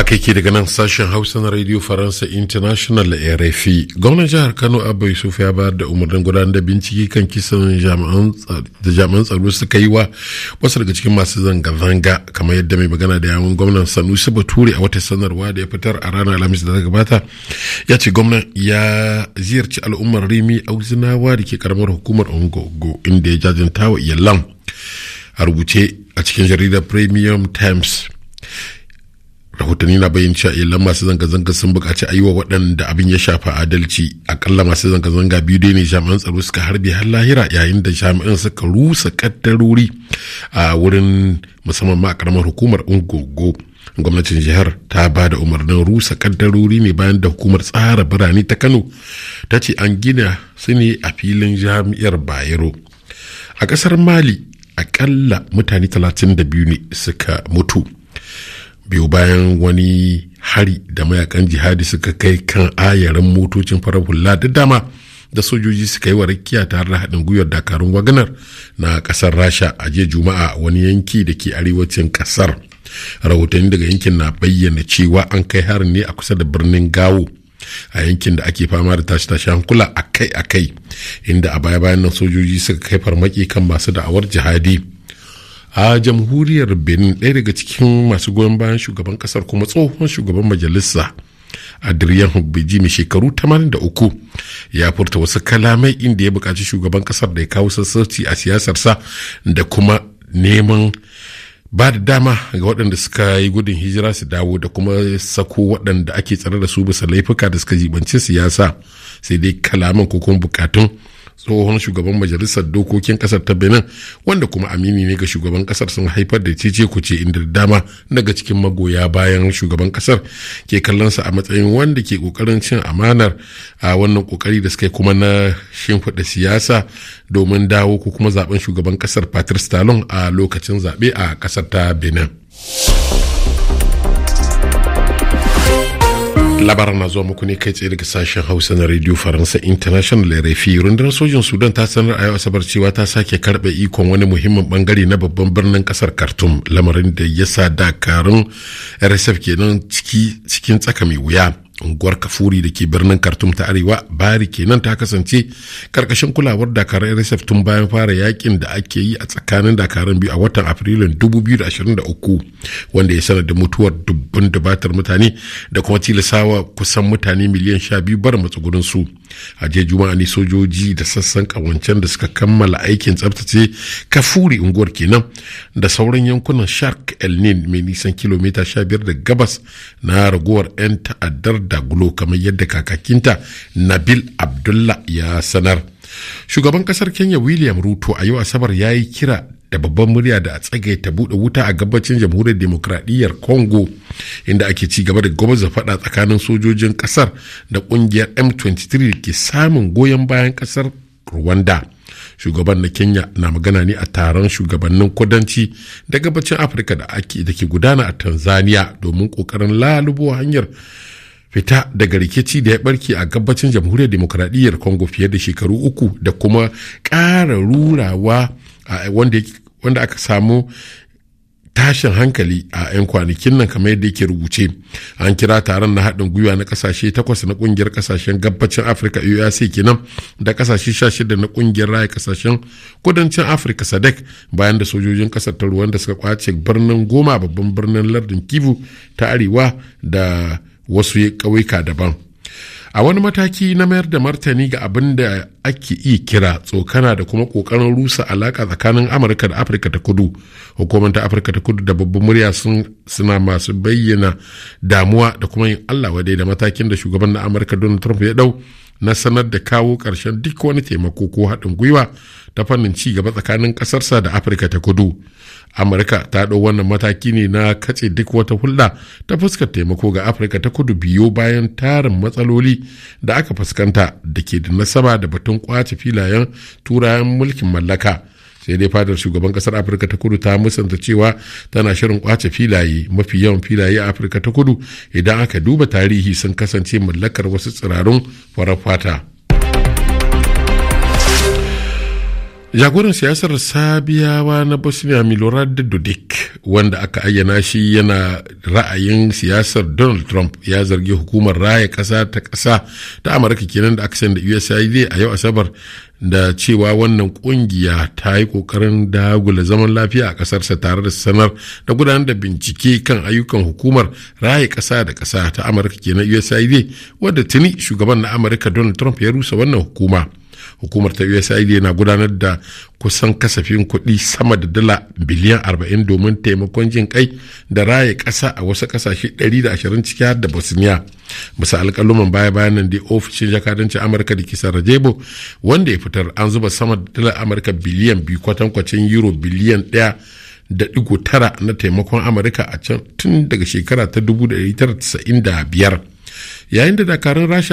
haka ke daga nan sashen hausa na radio faransa international rfi gwamnan jihar kano abba yusuf ya bayar da umarnin gudanar da bincike kan kisan da jami'an tsaro suka yi wa wasu daga cikin masu zanga-zanga kamar yadda mai magana da yawon gwamnan sanusi bature a wata sanarwa da ya fitar a ranar alhamis da ta gabata ya ce gwamnan ya ziyarci al'ummar rimi auzinawa da ke karamar hukumar ongogo inda ya jajanta wa iyalan a rubuce a cikin jaridar premium times rahotanni na bayyana cewa iyalan masu zanga-zanga sun buƙaci a yi wa waɗanda abin ya shafa adalci akalla masu zanga-zanga biyu dai ne jami'an tsaro suka harbe har lahira yayin da jami'an suka rusa kaddarori a wurin musamman ma a karamar hukumar ungogo gwamnatin jihar ta ba da umarnin rusa kaddarori ne bayan da hukumar tsara birane ta kano ta ce an gina su ne a filin jami'ar bayero a ƙasar mali akalla mutane 32 ne suka mutu biyu bayan wani hari da mayakan jihadi suka kai kan ayaran motocin farar hula da dama da sojoji suka yi wa rakiya tare da haɗin gwiwar dakarun waganar na ƙasar rasha a jiya juma'a wani yanki da ke arewacin ƙasar rahotanni daga yankin na bayyana cewa an kai harin ne a kusa da birnin gawo a yankin da ake fama da tashi-tashi hankula akai-akai inda a baya-bayan nan sojoji suka kai farmaki kan masu da'awar jihadi a jamhuriyar benin ɗaya daga cikin masu goyon bayan shugaban kasar kuma tsohon shugaban majalisa adrian hubbeji mai shekaru 83 ya furta wasu kalamai inda ya buƙaci shugaban kasar da ya kawo sassauci a siyasarsa da kuma neman ba da dama ga waɗanda suka yi gudun hijira su dawo da kuma sako waɗanda ake tsare da su bisa laifuka da suka jibanci siyasa sai dai kalaman ko kuma bukatun tsohon shugaban majalisar dokokin kasar ta benin wanda kuma amini ne ga shugaban kasar sun haifar da cece ce inda dama daga cikin magoya bayan shugaban kasar ke kallonsa a matsayin wanda ke kokarin cin amanar a wannan kokari da suka kuma na shimfiɗa siyasa domin dawo ko kuma zaben shugaban kasar patrice talon a lokacin zaɓe a kasar ta benin labaran na zuwa muku ne kai tsaye daga sashen hausa na radio faransa international rfi rundunar sojin sudan ta sanar a yau asabar cewa ta sake karbe ikon wani muhimmin bangare na babban birnin kasar khartoum lamarin da ya sa dakarun rsf kenan cikin tsaka mai wuya unguwar kafuri da ke birnin kartum ta arewa bari kenan ta kasance karkashin kulawar dakarar rsf tun bayan fara yakin da ake yi a tsakanin dakarun biyu a watan afrilun 2023 wanda ya sanar da mutuwar dubbin dubatar mutane da kuma tilasawa kusan mutane miliyan 12 bar matsugurin su a jiya juma'a ne sojoji da sassan kawancen da suka kammala aikin tsabtace kafuri unguwar kenan da sauran yankunan shark el nin mai nisan kilomita 15 da gabas na raguwar 'yan ta'addar dagulo kamar yadda kakakinta nabil abdullah ya sanar shugaban kasar kenya william ruto a yau asabar ya yi kira da babban murya da a ta buɗe wuta a gabacin jamhuriyar demokradiyyar congo inda ake ci gaba da gwamnati faɗa tsakanin sojojin kasar da ƙungiyar m23 ke samun goyon bayan kasar rwanda shugaban na kenya na magana ne a taron shugabannin kudanci da gabacin afirka da ake ke gudana a tanzania domin kokarin lalubo hanyar fita daga rikici da ya barke a gabacin jamhuriyar demokradiyyar congo fiye da shekaru uku da kuma ƙara rurawa wanda aka samu tashin hankali a 'yan kwanakin nan kamar yadda yake rubuce an kira taron na haɗin gwiwa na ƙasashe takwas na ƙungiyar ƙasashen gabacin afirka uac kenan da ƙasashe sha shida na ƙungiyar raya ƙasashen kudancin afirka sadek bayan da sojojin ƙasar ta ruwan da suka kwace birnin goma babban birnin lardin kivu ta arewa da wasu ƙauyuka daban a wani mataki na mayar da martani ga abin da ake iya kira tsokana da kuma ƙoƙarin rusa alaƙa tsakanin amurka da afirka ta kudu hukumar ta afirka ta kudu da babban murya suna masu bayyana damuwa da kuma yin allah wadai da matakin da shugaban na amurka don trump ya ɗau na sanar da kawo ƙarshen duk wani taimako ko haɗin gwiwa ta fannin ci gaba tsakanin ƙasarsa da afirka ta kudu amurka ta ɗau wannan mataki ne na katse duk wata hulɗa ta fuskar taimako ga afirka ta kudu biyo bayan tarin matsaloli da aka fuskanta da ke da nasaba da batun kwace filayen turayen mulkin mallaka sai dai fadar shugaban kasar afirka ta kudu ta musanta cewa tana shirin kwace filaye mafi yawan filaye a afirka ta kudu idan aka duba tarihi sun kasance mallakar wasu tsirarun farar fata jagoran siyasar sabiyawa na bosnia milorad dudik wanda aka ayyana shi yana ra'ayin siyasar donald trump ya zargi hukumar raya kasa ta ƙasa ta amurka kenan da aka da usaid a yau asabar da cewa wannan kungiya ta yi kokarin dagula zaman lafiya a kasarsa tare da sanar da gudanar da bincike kan ayyukan hukumar raya ƙasa da ƙasa ta amurka kenan usaid wadda tuni shugaban na amurka donald trump ya rusa wannan hukuma hukumar ta usaid na gudanar da kusan kasafin kuɗi sama da dala biliyan 40 domin taimakon jin kai da raye ƙasa a wasu ƙasashe 120 ciki har da bosnia bisa alƙaluman baya bayan nan dai ofishin jakadancin amurka da kisa rajebo wanda ya fitar an zuba sama da dala amurka biliyan biyu kwatankwacin euro biliyan ɗaya da digo tara na taimakon amurka a can tun daga shekara ta 1995 yayin da dakarun rasha